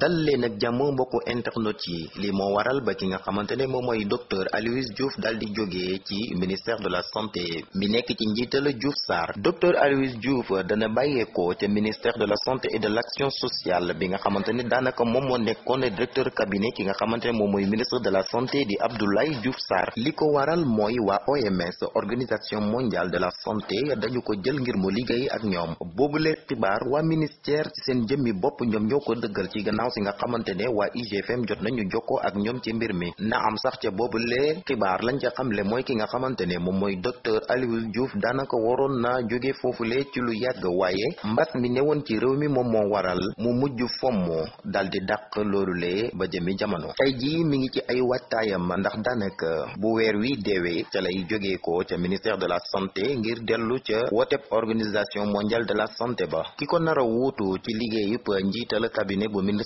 dal leen ak jàmm mbokku internet yi li moo waral ba ki nga xamante ne moom mooy docteur Aloyse Diouf daal di jógee ci ministère de la santé mi nekk ci njiital jouf Sarr docteur Aloyse Diouf dana bàyyeekoo ca ministère de la santé et de l'action sociale bi nga xamante ne daanaka moom moo nekkoon directeur cabinet ki nga xamante ne moom mooy ministre de la santé di Abdoulaye Diouf Sarr li ko waral mooy waa OMS organisation mondial de la santé dañu ko jël ngir mu liggéey ak ñoom boobule xibaar waa ministère ci seen jëmmi bopp ñoom ñoo ko dëggal ci gannaaw gannaaw si nga xamante ne waa IGFM jot nañu jokkoo ak ñoom ci mbir mi na am sax ca boobu lee xibaar lañ ca xamle mooy ki nga xamante ne moom mooy docteur Alioune Diouf daanaka waroon naa jóge foofulee ci lu yàgg waaye mbas mi ne woon ci réew mi moom moo waral mu mujj fomm dal di dàq loolu lee ba jëmi jamono tey ji mi ngi ci ay waajtaayam ndax daanaka bu weer wi deewee ca lay jógee ko ca ministère de la santé ngir dellu ca wooteb organisation mondiale de la santé ba ki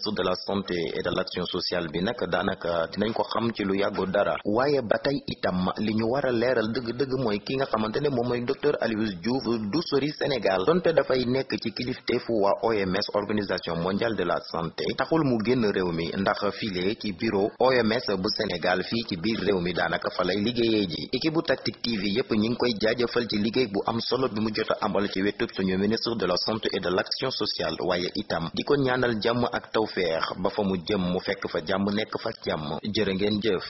ministre de la santé et de l'action sociale bi nag daanaka dinañ ko xam ci lu yàggu dara waaye ba tey itam li ñu war a leeral dëgg-dëgg mooy ki nga xamante ne moom mooy docteur Aloyse Diouf du sori Sénégal donte dafay nekk ci kilifteefu waa OMS organisation mondial de la santé taxul mu génn réew mi ndax file ci bureau OMS bu Sénégal fii ci biir réew mi daanaka fa lay liggéeyee ji équipe bu Tactic TV yépp ñi ngi koy jaajëfal ci liggéey bu am solo bi mu jot a amal ci wetu suñu ministre de la santé de l'action sociale waaye itam di tawfeex ba fa mu jëm mu fekk fa jàmm nekk fa jàmm jërë ngeen jëf